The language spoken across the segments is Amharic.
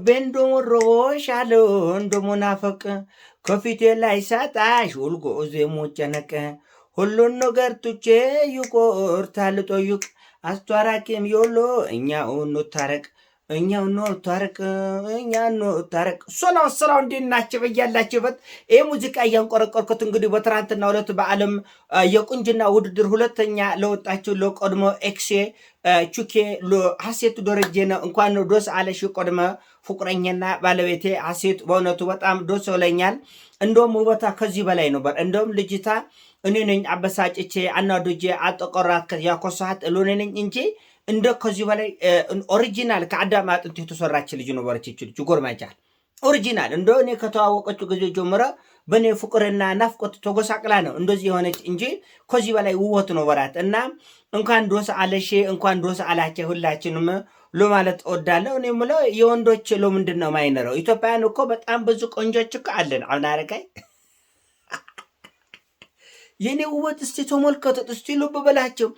ልቤን ዶሮሻለው እንደመናፈቅ ከፊቴ ላይ ሳጣሽ ውልጎ ዜሞጨነቀ ሁሉን ነገር ቱቼ ይቆርታል ልጠይቅ አስቷራቂም የሎ እኛ ኖታረቅ እኛ ኖር ታረቅ እኛ ኖር ታረቅ ሶላው ስራው እንዲናቸው በያላችሁበት ይህ ሙዚቃ እያንቆረቆርኩት እንግዲህ በትናንትና ሁለት በዓለም የቁንጅና ውድድር ሁለተኛ ለወጣችሁ ለቆድሞ ኤክሴ ቹኬ ሀሴቱ ደረጀ ነው። እንኳን ነው ዶስ አለሽ ቆድመ ፍቅረኛና ባለቤቴ ሀሴቱ በእውነቱ በጣም ዶስ ብለኛል። እንደውም ውበታ ከዚህ በላይ ነበር። እንደውም ልጅታ እኔ ነኝ አበሳጭቼ አናዶጄ አጠቆራት ያኮሳት እሎኔ ነኝ እንጂ እንደ ከዚሁ በላይ ኦሪጂናል ከአዳም አጥንት የተሰራች ልጅ ነበረች። ይች ልጅ ጎርማጃል ኦሪጂናል እንደ እኔ ከተዋወቀችው ጊዜ ጀምረ በእኔ ፍቅርና ናፍቆት ተጎሳቅላ ነው እንደዚህ የሆነች እንጂ ከዚህ በላይ ውወት ነበራት። እና እንኳን ዶስ አለሽ እንኳን ዶስ አላቸ ሁላችንም ለማለት እወዳለሁ። እኔ የምለው የወንዶች ለምንድን ነው ማይነረው? ኢትዮጵያን እኮ በጣም ብዙ ቆንጆች እኮ አለን አሁን አረጋይ የእኔ ውበት እስቲ ተመልከቱት፣ እስቲ ልብ በላቸው።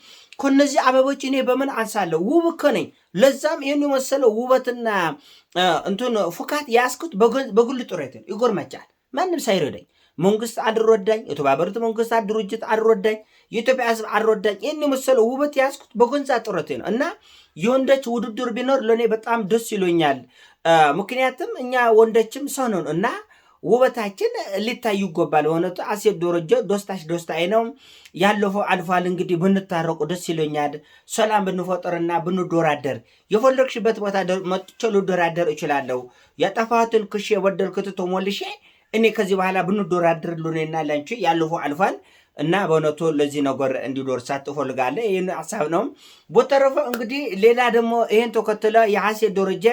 ከነዚህ አበቦች እኔ በምን አንሳለሁ? ውብ እኮ ነኝ። ለዛም ይህን የመሰለው ውበትና እንትን ፉካት ያስኩት በግል ጥረት ነው። ይጎርመቻል። ማንም ሳይረዳኝ መንግስት አልረዳኝ፣ የተባበሩት መንግስታት ድርጅት አልረዳኝ፣ የኢትዮጵያ ሕዝብ አልረዳኝ። ይህን የመሰለው ውበት ያስኩት በጎንዛ ጥረት ነው እና የወንዶች ውድድር ቢኖር ለእኔ በጣም ደስ ይሎኛል። ምክንያቱም እኛ ወንዶችም ሰው ነን እና ውበታችን ሊታዩ ይገባል። እውነቱ አሴብ ዶሮጆ ዶስታሽ ደስታዬ ነው። ያለፈው አልፏል። እንግዲህ ብንታረቁ ደስ ይለኛል። ሰላም ብንፈጥርና ብንዶራደር የፈለግሽበት ቦታ መጥቼ ልዶራደር እችላለሁ። የጠፋትን ክሽ የበደልኩት ተሞልሼ እኔ ከዚህ በኋላ ብንዶራደር ሉኔና ላንቺ ያለፈው አልፏል እና በእውነቱ ለዚህ ነገር እንዲደርሳት ትፈልጋለ። ይህን ሀሳብ ነው። በተረፈ እንግዲህ ሌላ ደግሞ ይህን ተከትለ የሐሴት ደረጀ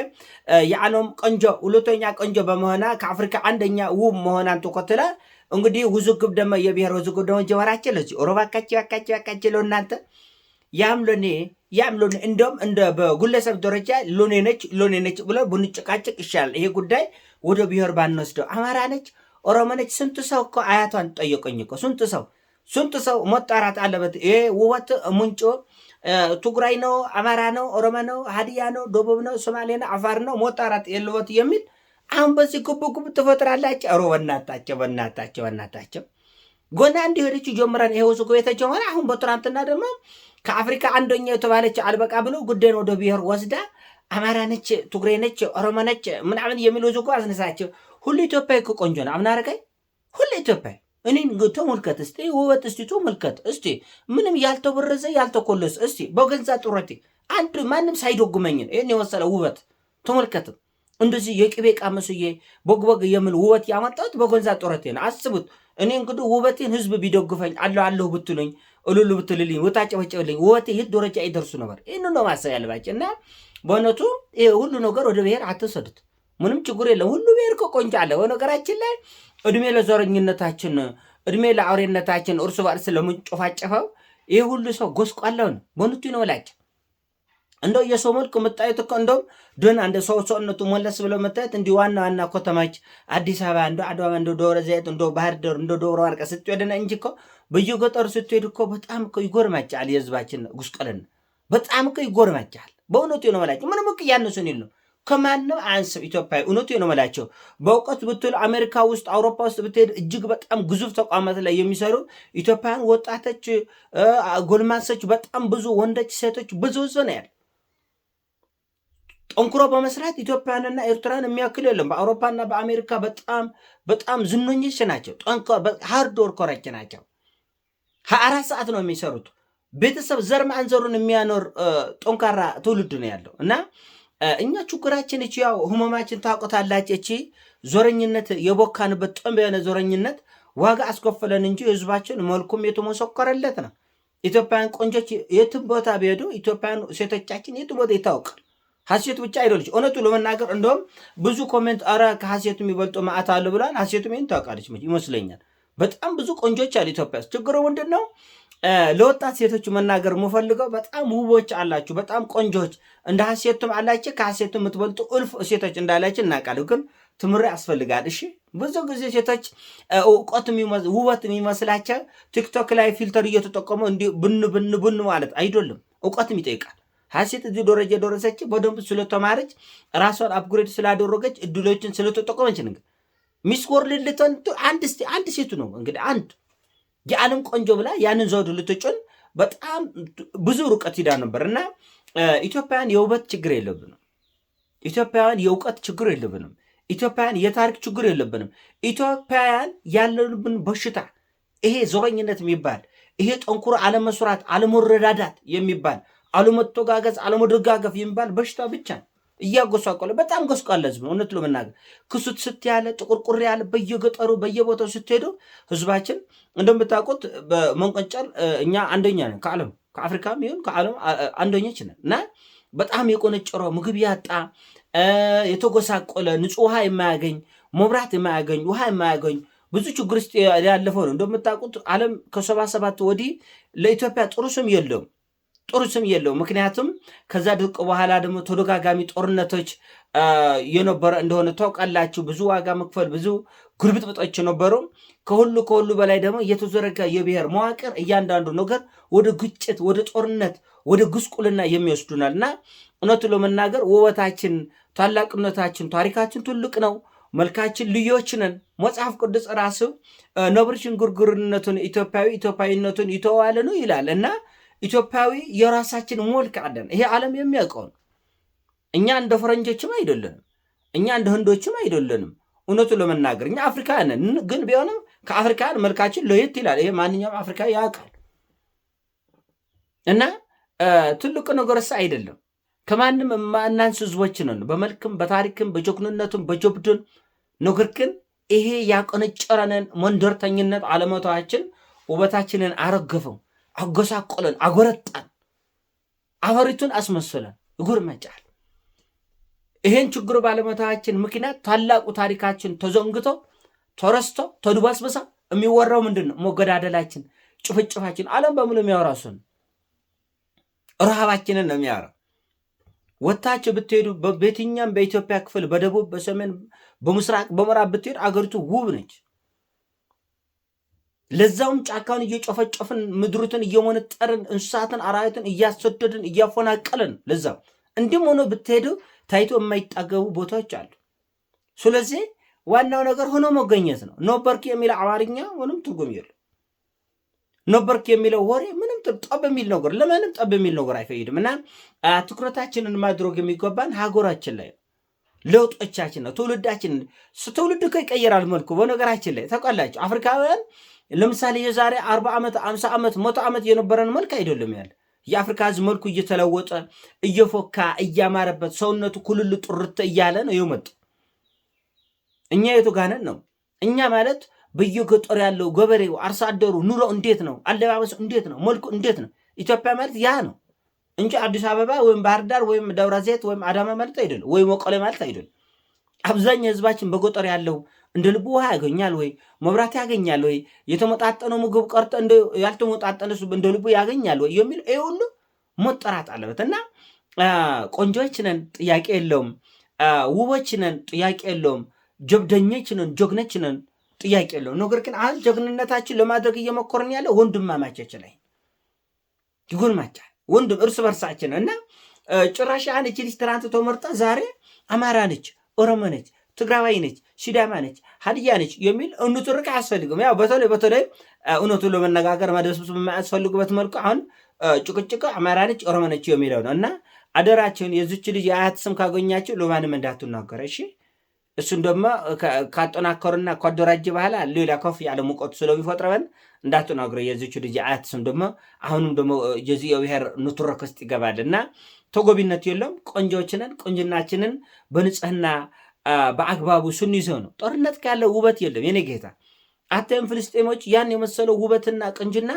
የዓለም ቆንጆ ሁለተኛ ቆንጆ በመሆና ከአፍሪካ አንደኛ ውብ መሆናን ተከትለ እንግዲህ ውዝግብ ደሞ የብሔር ውዝግብ ደሞ ጀመራቸ ለዚ ኦሮባካቸው ያካቸው ያካቸው እናንተ ያም ሎኔ ያም ሎኔ እንደውም እንደ በግለሰብ ደረጃ ሎኔ ነች ሎኔ ነች ብሎ ብንጭቃጭቅ ይሻላል። ይሄ ጉዳይ ወደ ብሔር ባንወስደው። አማራ ነች ኦሮሞ ነች ስንቱ ሰው እኮ አያቷን ጠየቀኝ እኮ ስንት ሰው ስንት ሰው መጣራት አለበት። ይሄ ውበት ምንጮ ትግራይ ነው፣ አማራ ነው፣ ኦሮሞ ነው፣ ሀዲያ ነው፣ ደቡብ ነው፣ ሶማሌ ነው፣ አፋር ነው መጣራት የለበት የሚል አሁን በዚህ ጉብጉብ ትፈጥራላቸው። ሮ በናታቸው በናታቸው በናታቸው ጎና እንዲ ሄደች ጀምረን ይሄ ውስጉ የተጀመረ አሁን በትናንትና ደግሞ ከአፍሪካ አንደኛ የተባለች አልበቃ ብሎ ጉዳይን ወደ ብሔር ወስዳ አማራ ነች፣ ትግሬ ነች፣ ኦሮሞ ነች ምናምን የሚል ውስጉ አስነሳቸው። ሁሉ ኢትዮጵያ ቆንጆ ነው። አምናረጋይ ሁሉ ኢትዮጵያ እኔን ተመልከት እስቲ ውበት እስቲ ተመልከት እስቲ ምንም ያልተበረዘ ያልተኮለስ እስቲ በገንዛ ጥረቴ አንድ ማንም ሳይደጉመኝን ይህን የመሰለ ውበት ተመልከትም እንደዚህ የቅቤ ዕቃ መስዬ በግበግ የምል ውበት ያመጣሁት በገንዛ ጥረቴ ነው። አስቡት። እኔ እንግዲህ ውበቴን ህዝብ ቢደግፈኝ አለሁ አለሁ ብትሉኝ እሉሉ ብትልልኝ ውታጨበጨብልኝ ውበቴ የት ደረጃ ይደርሱ ነበር? ይህን ነው ማሰብ ያለባቸው እና በእውነቱ ሁሉ ነገር ወደ ብሔር አትወሰዱት። ምንም ችግር የለም። ሁሉ ብሔር እኮ ቆንጆ አለ በነገራችን ላይ እድሜ ለዘረኝነታችን፣ እድሜ ለአውሬነታችን እርስ በርስ ስለምንጮፋጨፈው ይህ ሁሉ ሰው ጎስቋለውን ነው። በእውነቱ እንደው የሰው መልክ የምታዩት እኮ እንደውም ደን አንደ ሰው ሰውነቱ መለስ ብለው መታየት እንዲህ ዋና ዋና ከተማች አዲስ አበባ እንደ አድዋ እንደ ደብረ ዘይት እንደ ባህር ዳር እንደ ደብረ ወርቅ ስትሄድና እንጂ እኮ በየገጠሩ ስትሄድ እኮ በጣም እኮ ይጎርማችኋል። የህዝባችን ጉስቁልና በጣም እኮ ይጎርማችኋል። በእውነቱ ነው እላቸው ምንም እኮ እያነሱን ይል ከማንም አንስብ ኢትዮጵያዊ እውነቱ ነው የምላቸው። በእውቀት ብትል አሜሪካ ውስጥ አውሮፓ ውስጥ ብትሄድ እጅግ በጣም ግዙፍ ተቋማት ላይ የሚሰሩ ኢትዮጵያን ወጣቶች፣ ጎልማሶች በጣም ብዙ ወንዶች፣ ሴቶች ብዙ ብዙ ነው ያለ። ጠንክሮ በመስራት ኢትዮጵያንና ኤርትራን የሚያክል የለም። በአውሮፓና በአሜሪካ በጣም በጣም ዝነኞች ናቸው። ሃርድ ወርከሮች ናቸው። ሀያ አራት ሰዓት ነው የሚሰሩት። ቤተሰብ ዘር ማንዘሩን የሚያኖር ጠንካራ ትውልድ ነው ያለው እና እኛ ችግራችን እቺ ያው ህመማችን ታውቆታላች። እቺ ዞረኝነት የቦካንበት ጥም የሆነ ዞረኝነት ዋጋ አስከፈለን እንጂ ህዝባችን መልኩም የተመሰከረለት ነው። ኢትዮጵያን ቆንጆች የትም ቦታ ቢሄዱ ኢትዮጵያን ሴቶቻችን የትም ቦታ ይታወቃል። ሀሴቱ ብቻ አይደለች። እውነቱ ለመናገር እንደውም ብዙ ኮሜንት አረ ከሀሴቱ የሚበልጡ ማአት አሉ ብሏል። ሀሴቱ ይህን ታውቃለች ይመስለኛል። በጣም ብዙ ቆንጆች አሉ ኢትዮጵያ ውስጥ። ችግሩ ምንድን ነው? ለወጣት ሴቶች መናገር የምፈልገው በጣም ውቦች አላችሁ፣ በጣም ቆንጆች፣ እንደ ሀሴቱም አላችሁ ከሀሴቱም የምትበልጡ እልፍ ሴቶች እንዳላችሁ እናውቃለሁ። ግን ትምህርት ያስፈልጋል። እሺ ብዙ ጊዜ ሴቶች እውቀት ውበት የሚመስላቸው ቲክቶክ ላይ ፊልተር እየተጠቀሙ እንዲህ ብን ብን ብን ማለት አይደለም፣ እውቀትም ይጠይቃል። ሀሴት እዚህ ደረጃ የደረሰች በደንብ ስለተማረች ራሷን አፕግሬድ ስላደረገች እድሎችን ስለተጠቀመች ንግ ሚስ ወርልድ አንድ አንድ ሴቱ ነው እንግዲህ አንድ የአለም ቆንጆ ብላ ያንን ዘውድ ልትጭን በጣም ብዙ ርቀት ሂዳ ነበር እና ኢትዮጵያውያን የውበት ችግር የለብንም። ኢትዮጵያውያን የእውቀት ችግር የለብንም። ኢትዮጵያውያን የታሪክ ችግር የለብንም። ኢትዮጵያውያን ያለብን በሽታ ይሄ ዞረኝነት የሚባል ይሄ ጠንኩሮ አለመስራት፣ አለመረዳዳት የሚባል አለመተጋገዝ፣ አለመደጋገፍ የሚባል በሽታ ብቻ እያጎሳቆለ በጣም ጎስቋለ ህዝብ ነው። እውነት ለመናገር ክሱት ስት ያለ ጥቁርቁር ያለ በየገጠሩ በየቦታው ስትሄዱ ህዝባችን እንደምታውቁት በመንቆንጨር እኛ አንደኛ ነን ከዓለም ከአፍሪካም ይሁን ከዓለም አንደኞች ነን እና በጣም የቆነጨረ ምግብ ያጣ የተጎሳቆለ ንጹህ ውሃ የማያገኝ መብራት የማያገኝ ውሃ የማያገኝ ብዙ ችግር ውስጥ ያለፈው ነው። እንደምታውቁት ዓለም ከሰባ ሰባት ወዲህ ለኢትዮጵያ ጥሩ ስም የለውም። ጥሩ ስም የለው። ምክንያቱም ከዛ ድርቅ በኋላ ደግሞ ተደጋጋሚ ጦርነቶች የነበረ እንደሆነ ታውቃላችሁ። ብዙ ዋጋ መክፈል፣ ብዙ ጉርብጥብጦች ነበሩ። ከሁሉ ከሁሉ በላይ ደግሞ የተዘረጋ የብሔር መዋቅር እያንዳንዱ ነገር ወደ ግጭት፣ ወደ ጦርነት፣ ወደ ጉስቁልና የሚወስዱናል እና እውነቱ ለመናገር ውበታችን፣ ታላቅነታችን፣ ታሪካችን ትልቅ ነው። መልካችን ልዮች ነን። መጽሐፍ ቅዱስ ራሱ ነብር ሽንጉርጉርነቱን ኢትዮጵያዊ ኢትዮጵያዊነቱን ይተዋል ነው ይላል እና ኢትዮጵያዊ የራሳችን ሞልክ አለን። ይሄ ዓለም የሚያውቀው ነው። እኛ እንደ ፈረንጆችም አይደለንም፣ እኛ እንደ ህንዶችም አይደለንም። እውነቱን ለመናገር እኛ አፍሪካውያን ግን ቢሆንም ከአፍሪካውያን መልካችን ለየት ይላል። ይሄ ማንኛውም አፍሪካዊ ያውቃል። እና ትልቁ ነገርስ አይደለም ከማንም የማናንስ ህዝቦች ነን፣ በመልክም በታሪክም በጀግንነቱም፣ በጀብድን። ነገር ግን ይሄ ያቆነጨረንን መንደርተኝነት አለመቷችን ውበታችንን አረገፈው። አጎሳቆለን፣ አጎረጣን፣ አፈሪቱን አስመሰለን። እጉር መጫል ይሄን ችግሩ ባለመታችን ምክንያት ታላቁ ታሪካችን ተዘንግቶ ተረስቶ ተድባስብሳ የሚወራው ምንድን ነው? መገዳደላችን፣ ጭፍጭፋችን ዓለም በሙሉ የሚያወራ እሱን ረሃባችንን ነው የሚያወራው። ወታችሁ ብትሄዱ በየትኛም በኢትዮጵያ ክፍል በደቡብ፣ በሰሜን፣ በምስራቅ፣ በምዕራብ ብትሄዱ አገሪቱ ውብ ነች። ለዛውም ጫካውን እየጨፈጨፍን ምድሩትን እየሞነጠርን እንስሳትን አራዊትን እያሰደድን እያፈናቀልን ለዛው እንዲም ሆኖ ብትሄዱ ታይቶ የማይጣገቡ ቦታዎች አሉ። ስለዚህ ዋናው ነገር ሆኖ መገኘት ነው። ኖበርክ የሚለው አማርኛ ምንም ትርጉም የለ። ኖበርክ የሚለው ወሬ ምንም ጠብ የሚል ነገር ለምንም ጠብ የሚል ነገር አይፈይድም። እና ትኩረታችንን ማድረግ የሚገባን ሀገራችን ላይ ለውጦቻችን ነው። ትውልዳችን ትውልድ እኮ ይቀየራል መልኩ በነገራችን ላይ ተቋላቸው አፍሪካውያን ለምሳሌ የዛሬ አርባ ዓመት አምሳ ዓመት መቶ ዓመት የነበረን መልክ አይደለም ያለ የአፍሪካ ህዝብ መልኩ እየተለወጠ እየፎካ እያማረበት ሰውነቱ ኩልል ጥርት እያለ ነው የመጡ። እኛ የቱ ጋነን ነው? እኛ ማለት በየገጠሩ ያለው ገበሬው አርሶ አደሩ ኑሮ እንዴት ነው? አለባበሱ እንዴት ነው? መልኩ እንዴት ነው? ኢትዮጵያ ማለት ያ ነው እንጂ አዲስ አበባ ወይም ባህር ዳር ወይም ደብረዘይት ወይም አዳማ ማለት አይደለም፣ ወይም መቀሌ ማለት አይደለም። አብዛኛው ህዝባችን በገጠር ያለው እንደ ልቡ ውሃ ያገኛል ወይ? መብራት ያገኛል ወይ? የተመጣጠነ ምግብ ቀርቶ ያልተመጣጠነ እንደ ልቡ ያገኛል ወይ? የሚል ይህ ሁሉ መጠራት አለበት እና ቆንጆች ነን፣ ጥያቄ የለውም። ውቦች ነን፣ ጥያቄ የለውም። ጀብደኞች ነን፣ ጀግኖች ነን፣ ጥያቄ የለውም። ነገር ግን አሁን ጀግንነታችን ለማድረግ እየሞከርን ያለ ወንድማማቾች ላይ ይጎልማቻል። ወንድም እርስ በርሳችን እና ጭራሽ አንቺ ልጅ ትናንት ተመርጣ ዛሬ አማራ ነች፣ ኦሮሞ ነች፣ ትግራዋይ ነች ሲዳማ ነች፣ ሀዲያ ነች የሚል እንጥርቅ አያስፈልግም። ያው በተለይ በተለይ እውነቱን ለመነጋገር መደብሰብ የማያስፈልጉበት መልኩ አሁን ጭቅጭቅ አማራ ነች፣ ኦሮሞ ነች የሚለው ነው እና አደራችሁን የዚች ልጅ የአያት ስም ካገኛቸው ለማንም እንዳትናገረ እሺ። እሱን ደግሞ ካጠናከሩና ካደራጀ በኋላ ሌላ ከፍ ያለ ሙቀቱ ስለሚፈጥረበን እንዳትናገረ የዚች ልጅ የአያት ስም ደግሞ አሁንም ደግሞ የዚ የብሔር ንትርክ ውስጥ ይገባል እና ተጎቢነት የለውም። ቆንጆችንን ቆንጅናችንን በንጽህና በአግባቡ ስንይዘው ነው። ጦርነት ካለ ውበት የለም። የኔ ጌታ አተም ፍልስጤሞች ያን የመሰለው ውበትና ቅንጅና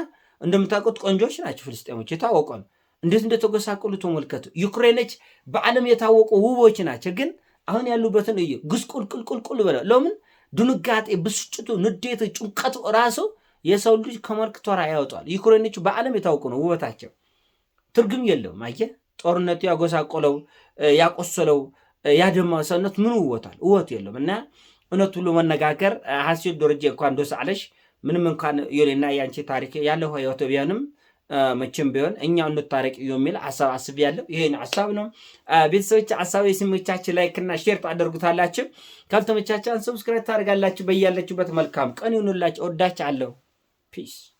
እንደምታውቁት ቆንጆች ናቸው ፍልስጤሞች፣ የታወቀ ነው። እንዴት እንደተጎሳቆሉ ተመልከቱ። ዩክሬኖች በዓለም የታወቁ ውቦች ናቸው። ግን አሁን ያሉበትን እዩ። ጉስቁልቁልቁልቁል በለ። ለምን ድንጋጤ፣ ብስጭቱ፣ ንዴት፣ ጭንቀቱ ራሱ የሰው ልጅ ከመርክቶራ ያወጧል። ዩክሬኖች በዓለም የታወቁ ነው ውበታቸው። ትርጉም የለውም። አየህ ጦርነቱ ያጎሳቆለው ያቆሰለው ያደማ ሰውነት ምን እወቷል? እወቱ የለም እና እውነት ሁሉ መነጋገር ሀሴት ደረጀ እንኳን ደስ አለሽ። ምንም እንኳን ዮኔና የአንቺ ታሪክ ያለው ህይወት ቢሆንም መቼም ቢሆን እኛው እንታረቅ የሚል ሀሳብ አስብ ያለው ይሄን ሀሳብ ነው። ቤተሰቦች ሀሳብ የስሞቻችን እና ሼር ታደርጉታላችሁ። ካልተመቻቻን ሰብስክራይብ ታደርጋላችሁ። በያላችሁበት መልካም ቀን ይሁንላችሁ። ወዳች አለው ፒስ